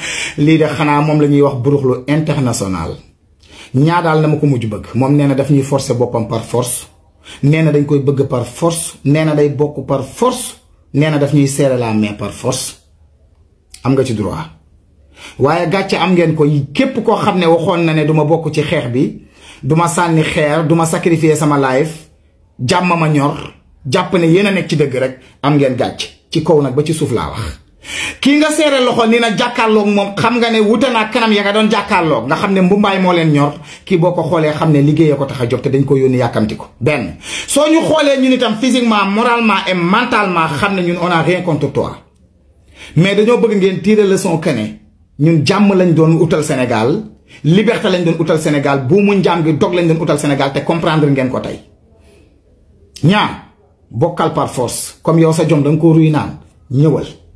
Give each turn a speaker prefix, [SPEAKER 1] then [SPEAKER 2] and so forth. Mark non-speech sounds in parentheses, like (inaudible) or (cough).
[SPEAKER 1] (laughs) lii de xanaa moom la ñuy wax buruxlu international ñaa daal na ma ko mujj bëgg moom nee na daf ñuy forcer boppam par force nee na dañ koy bëgg par force nee na day bokk par force nee na daf ñuy serrer la main par force am nga ci droit waaye gàcce am ngeen ko képp koo xam ne waxoon na ne duma bokk ci xeex bi duma sànni xeer duma sacrifier sama life jàmm ma ñor jàpp ne yéen a nekk ci dëgg rek am ngeen gàcc ci kaw nag ba ci suuf laa wax kii nga seere loxo nii na jàkkaarloog moom xam nga ne wuute naa kanam ya nga doon jàkkaarloog nga xam ne mbumbaay moo leen ñor kii boo ko xoolee xam ne liggéeya ko tax a jóg te dañ ko yónni yàkkamti ko benn soo ñu xoolee ñun itam physiquement em et mentalement xam ne ñun on a rien contre toi mais dañoo bëgg ngeen tirer leçon que ne ñun jàmm lañu doon utal Sénégal liberté lañ doon utal Sénégal bu mu njàmm dog lañ doon utal Sénégal te comprendre ngeen ko tey ñaar bokkal par comme yow sa jom da ko ruy naan ñëwal